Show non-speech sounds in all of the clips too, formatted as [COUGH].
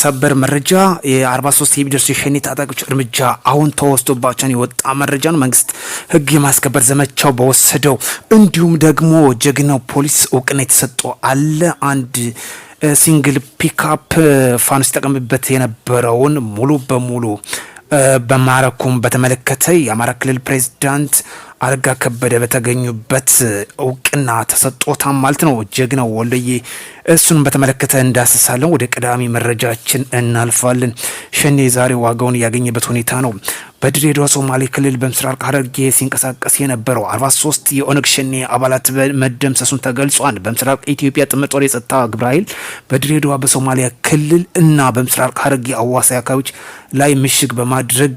ሰበር መረጃ የ43 የሚደርሱ የሸኔ ታጣቂዎች እርምጃ አሁን ተወስዶባቸውን የወጣ መረጃ ነው። መንግስት ህግ የማስከበር ዘመቻው በወሰደው እንዲሁም ደግሞ ጀግናው ፖሊስ እውቅና የተሰጠው አለ አንድ ሲንግል ፒክአፕ ፋኖ ሲጠቀምበት የነበረውን ሙሉ በሙሉ በማረኩም በተመለከተ የአማራ ክልል ፕሬዚዳንት አረጋ ከበደ በተገኙበት እውቅና ተሰጦታ ማለት ነው። ጀግናው ወሎዬ እሱን በተመለከተ እንዳስሳለን። ወደ ቀዳሚ መረጃችን እናልፋለን። ሸኔ ዛሬ ዋጋውን ያገኘበት ሁኔታ ነው። በድሬዳዋ ሶማሌ ክልል በምስራቅ ሐረርጌ ሲንቀሳቀስ የነበረው 43 የኦነግ ሸኔ አባላት መደምሰሱን ተገልጿል። በምስራቅ ኢትዮጵያ ጥምር ጦር የጸጥታ ግብረ ኃይል በድሬዳዋ በሶማሊያ ክልል እና በምስራቅ ሐረርጌ አዋሳኝ አካባቢዎች ላይ ምሽግ በማድረግ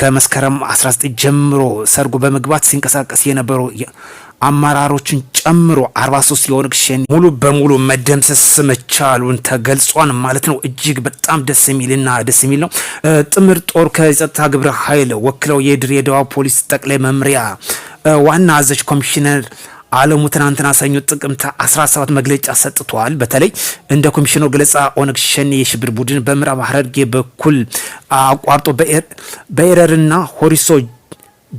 ከመስከረም 19 ጀምሮ ሰርጎ በመግባት ሲንቀሳቀስ የነበሩ አመራሮችን ጨምሮ 43 የኦነግ ሸኔ ሙሉ በሙሉ መደምሰስ መቻሉን ተገልጿን ማለት ነው። እጅግ በጣም ደስ የሚልና ደስ የሚል ነው። ጥምር ጦር ከጸጥታ ግብረ ኃይል ወክለው የድሬዳዋ ፖሊስ ጠቅላይ መምሪያ ዋና አዛዥ ኮሚሽነር አለሙ ትናንትና ሰኞ ጥቅምት 17 መግለጫ ሰጥቷል። በተለይ እንደ ኮሚሽኑ ገለጻ ኦነግ ሸኔ የሽብር ቡድን በምዕራብ ሐረርጌ በኩል አቋርጦ በኤረርና ሆሪሶ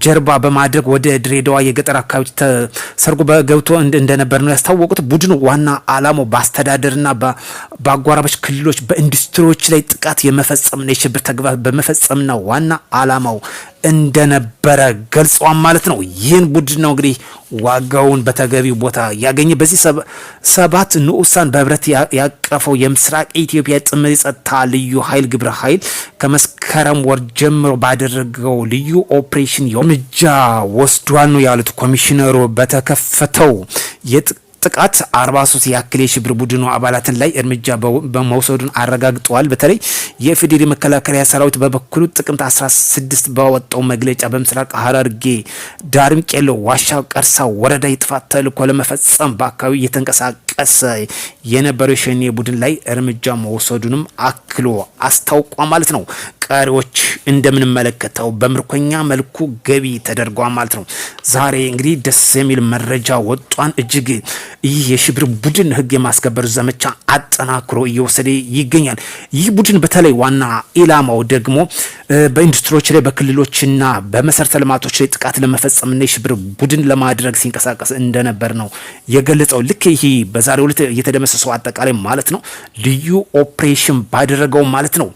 ጀርባ በማድረግ ወደ ድሬዳዋ የገጠር አካባቢዎች ተሰርጎ ገብቶ እንደነበር ነው ያስታወቁት። ቡድኑ ዋና ዓላማው በአስተዳደርና በአጎራባች ክልሎች በኢንዱስትሪዎች ላይ ጥቃት የመፈጸምና የሽብር ተግባር በመፈጸምና ዋና ዓላማው እንደነበረ ገልጿን ማለት ነው። ይህን ቡድን ነው እንግዲህ ዋጋውን በተገቢው ቦታ ያገኘ። በዚህ ሰባት ንዑሳን በህብረት ያቀፈው የምስራቅ ኢትዮጵያ ጥምር የጸጥታ ልዩ ኃይል ግብረ ኃይል ከመስከረም ወር ጀምሮ ባደረገው ልዩ ኦፕሬሽን እርምጃ ወስዷል ነው ያሉት ኮሚሽነሩ በተከፈተው ጥቃት 43 ያክል የሽብር ቡድኑ አባላትን ላይ እርምጃ በመውሰዱን አረጋግጠዋል። በተለይ የኢፌዴሪ መከላከያ ሰራዊት በበኩሉ ጥቅምት 16 ባወጣው መግለጫ በምስራቅ ሐረርጌ ዳርም ቄሎ፣ ዋሻ ቀርሳ ወረዳ የጥፋት ተልዕኮ ለመፈጸም በአካባቢ እየተንቀሳቀሰ የነበረው የሸኔ ቡድን ላይ እርምጃ መውሰዱንም አክሎ አስታውቋ ማለት ነው። ቀሪዎች እንደምንመለከተው በምርኮኛ መልኩ ገቢ ተደርጓ ማለት ነው። ዛሬ እንግዲህ ደስ የሚል መረጃ ወጧን። እጅግ ይህ የሽብር ቡድን ህግ የማስከበር ዘመቻ አጠናክሮ እየወሰደ ይገኛል። ይህ ቡድን በተለይ ዋና ኢላማው ደግሞ በኢንዱስትሪዎች ላይ በክልሎችና በመሰረተ ልማቶች ላይ ጥቃት ለመፈጸምና የሽብር ቡድን ለማድረግ ሲንቀሳቀስ እንደነበር ነው የገለጸው። ልክ ይህ በዛሬው ዕለት እየተደመሰሰው አጠቃላይ ማለት ነው ልዩ ኦፕሬሽን ባደረገው ማለት ነው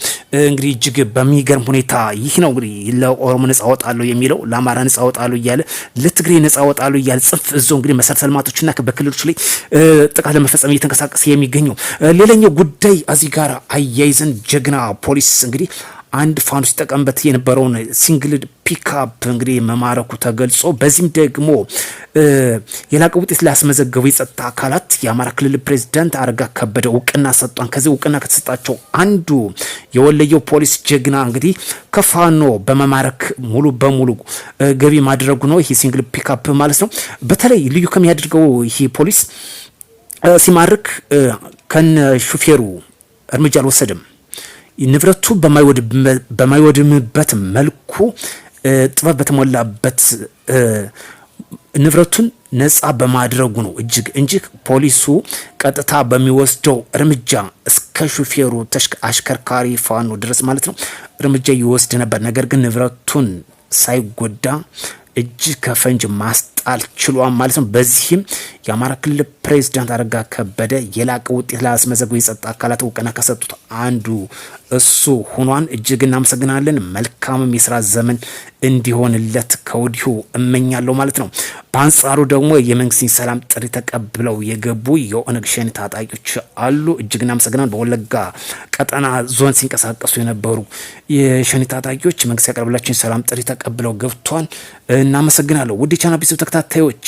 እንግዲህ እጅግ በሚገርም ሁኔታ ይህ ነው እንግዲህ ለኦሮሞ ነጻ ወጣለሁ የሚለው ለአማራ ነጻ ወጣለሁ እያለ ለትግሬ ነጻ ወጣለሁ እያለ ጽንፍ እዞ እንግዲህ መሰረተ ልማቶችና በክልሎች ላይ ጥቃት ለመፈጸም እየተንቀሳቀሰ የሚገኘው ሌላኛው ጉዳይ እዚህ ጋር አያይዘን ጀግና ፖሊስ እንግዲህ አንድ ፋኑ ሲጠቀምበት የነበረውን ሲንግል ፒክአፕ እንግዲህ መማረኩ ተገልጾ በዚህም ደግሞ የላቀ ውጤት ሊያስመዘገቡ የጸጥታ አካላት የአማራ ክልል ፕሬዚዳንት አረጋ ከበደ እውቅና ሰጧን። ከዚህ እውቅና ከተሰጣቸው አንዱ የወለየው ፖሊስ ጀግና እንግዲህ ከፋኖ በመማረክ ሙሉ በሙሉ ገቢ ማድረጉ ነው። ይሄ ሲንግል ፒክአፕ ማለት ነው። በተለይ ልዩ ከሚያደርገው ይሄ ፖሊስ ሲማርክ ከነ ሹፌሩ እርምጃ አልወሰድም። ንብረቱ በማይወድምበት መልኩ ጥበብ በተሞላበት ንብረቱን ነጻ በማድረጉ ነው እጅግ እንጂ ፖሊሱ ቀጥታ በሚወስደው እርምጃ እስከ ሹፌሩ አሽከርካሪ ፋኖ ድረስ ማለት ነው እርምጃ ይወስድ ነበር። ነገር ግን ንብረቱን ሳይጎዳ እጅ ከፈንጅ ማስጣል ችሏል ማለት ነው። በዚህም የአማራ ክልል ፕሬዚዳንት አረጋ ከበደ የላቀ ውጤት ላስመዘገቡ የጸጥታ አካላት እውቅና ከሰጡት አንዱ እሱ ሆኗን እጅግ እናመሰግናለን። መልካምም የስራ ዘመን እንዲሆንለት ከወዲሁ እመኛለሁ ማለት ነው። በአንጻሩ ደግሞ የመንግስትን ሰላም ጥሪ ተቀብለው የገቡ የኦነግ ሸኔ ታጣቂዎች አሉ። እጅግና አመሰግናል። በወለጋ ቀጠና ዞን ሲንቀሳቀሱ የነበሩ የሸኔ ታጣቂዎች መንግስት ያቀረበላቸውን ሰላም ጥሪ ተቀብለው ገብቷል። እናመሰግናለሁ። ውድ ቻና ቤተሰብ ተከታታዮች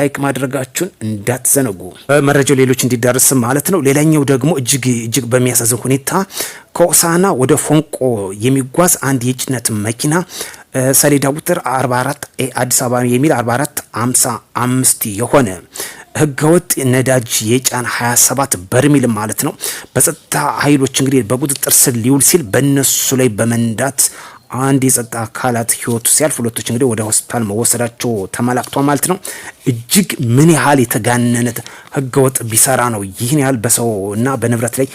ላይክ ማድረጋችሁን እንዳትዘነጉ፣ መረጃው ሌሎች እንዲዳረስ ማለት ነው። ሌላኛው ደግሞ እጅግ እጅግ በሚያሳዝን ሁኔታ ከሆሳዕና ወደ ፎንቆ የሚጓዝ አንድ የጭነት መኪና ሰሌዳ ቁጥር 44 አዲስ አበባ የሚል 44 አምሳ አምስት የሆነ ህገወጥ ነዳጅ የጫን 27 በርሜል ማለት ነው በጸጥታ ኃይሎች እንግዲህ በቁጥጥር ስር ሊውል ሲል በእነሱ ላይ በመንዳት አንድ የጸጥታ አካላት ህይወቱ ሲያልፍ ሁለቶች እንግዲህ ወደ ሆስፒታል መወሰዳቸው ተመላክቷል ማለት ነው። እጅግ ምን ያህል የተጋነነት ህገወጥ ቢሰራ ነው ይህን ያህል በሰው እና በንብረት ላይ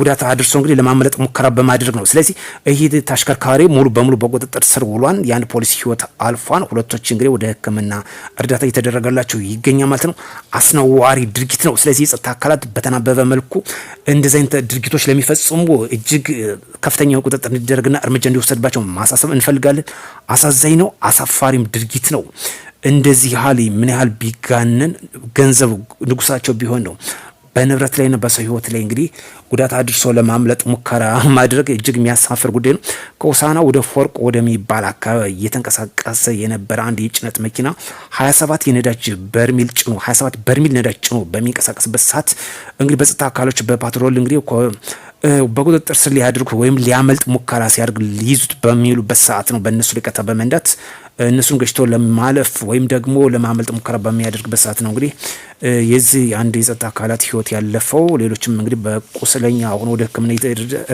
ጉዳት አድርሶ እንግዲህ ለማመለጥ ሙከራ በማድረግ ነው። ስለዚህ ይህ ተሽከርካሪ ሙሉ በሙሉ በቁጥጥር ስር ውሏን የአንድ ፖሊስ ህይወት አልፏን፣ ሁለቶች እንግዲህ ወደ ህክምና እርዳታ እየተደረገላቸው ይገኛል ማለት ነው። አስነዋሪ ድርጊት ነው። ስለዚህ የጸጥታ አካላት በተናበበ መልኩ እንደዚህ አይነት ድርጊቶች ለሚፈጽሙ እጅግ ከፍተኛ ቁጥጥር እንዲደረግና እርምጃ እንዲወሰድባቸው ማሳሰብ እንፈልጋለን። አሳዛኝ ነው፣ አሳፋሪም ድርጊት ነው። እንደዚህ ሀሊ ምን ያህል ቢጋነን ገንዘብ ንጉሳቸው ቢሆን ነው በንብረት ላይና በሰው ህይወት ላይ እንግዲህ ጉዳት አድርሶ ለማምለጥ ሙከራ [LAUGHS] ማድረግ እጅግ የሚያሳፍር ጉዳይ ነው። ከውሳና ወደ ፎርቅ ወደሚባል አካባቢ እየተንቀሳቀሰ የነበረ አንድ የጭነት መኪና 27 የነዳጅ በርሚል ጭኖ 27 በርሚል ነዳጅ ጭኖ በሚንቀሳቀስበት ሰዓት እንግዲህ በጸጥታ አካሎች በፓትሮል እንግዲህ በቁጥጥር ስር ሊያድርጉ ወይም ሊያመልጥ ሙከራ ሲያደርግ ሊይዙት በሚሉበት ሰዓት ነው በእነሱ ላይ በመንዳት እነሱን ገጭቶ ለማለፍ ወይም ደግሞ ለማመልጥ ሙከራ በሚያደርግበት ሰዓት ነው እንግዲህ የዚህ አንድ የጸጥታ አካላት ህይወት ያለፈው ሌሎችም እንግዲህ በቁስለኛ አሁን ወደ ህክምና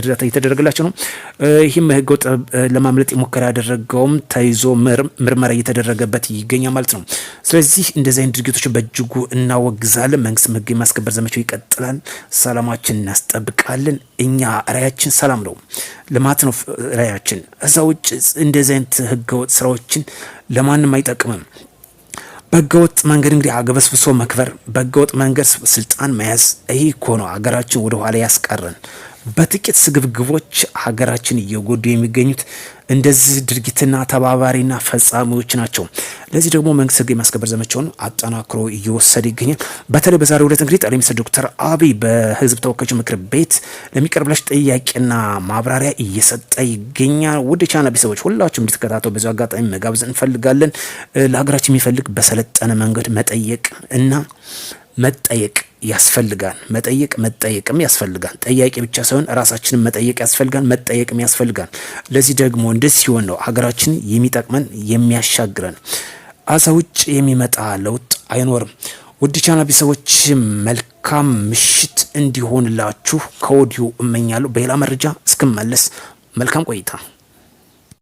እርዳታ እየተደረገላቸው ነው። ይህም ህገወጥ ለማምለጥ የሞከረ ያደረገውም ተይዞ ምርመራ እየተደረገበት ይገኛል ማለት ነው። ስለዚህ እንደዚህ አይነት ድርጊቶች በእጅጉ እናወግዛለን። መንግስትም ህግ የማስከበር ዘመቻው ይቀጥላል። ሰላማችን እናስጠብቃለን። እኛ ራያችን ሰላም ነው፣ ልማት ነው ራያችን። እዛ ውጭ እንደዚህ አይነት ህገወጥ ስራዎችን ለማንም አይጠቅምም። በህገወጥ መንገድ እንግዲህ አገበስብሶ መክበር፣ በህገወጥ መንገድ ስልጣን መያዝ ይህ እኮ ነው ሀገራችን ወደ ኋላ ያስቀረን። በጥቂት ስግብግቦች ሀገራችን እየጎዱ የሚገኙት እንደዚህ ድርጊትና ተባባሪና ፈጻሚዎች ናቸው። ለዚህ ደግሞ መንግስት ህግ የማስከበር ዘመቻውን አጠናክሮ እየወሰደ ይገኛል። በተለይ በዛሬው ዕለት እንግዲህ ጠቅላይ ሚኒስትር ዶክተር አብይ በህዝብ ተወካዮች ምክር ቤት ለሚቀርብላችሁ ጥያቄና ማብራሪያ እየሰጠ ይገኛል። ውድ ቻና ቤተሰቦች ሁላችሁም እንድትከታተው በዚ አጋጣሚ መጋብዝ እንፈልጋለን። ለሀገራችን የሚፈልግ በሰለጠነ መንገድ መጠየቅ እና መጠየቅ ያስፈልጋል። መጠየቅ መጠየቅም ያስፈልጋል። ጠያቂ ብቻ ሳይሆን ራሳችንን መጠየቅ ያስፈልጋል፣ መጠየቅም ያስፈልጋል። ለዚህ ደግሞ እንደ ሲሆን ነው ሀገራችን የሚጠቅመን የሚያሻግረን። አሳ ውጭ የሚመጣ ለውጥ አይኖርም። ውድ ቻና ቤተሰቦች መልካም ምሽት እንዲሆንላችሁ ከወዲሁ እመኛለሁ። በሌላ መረጃ እስክመለስ መልካም ቆይታ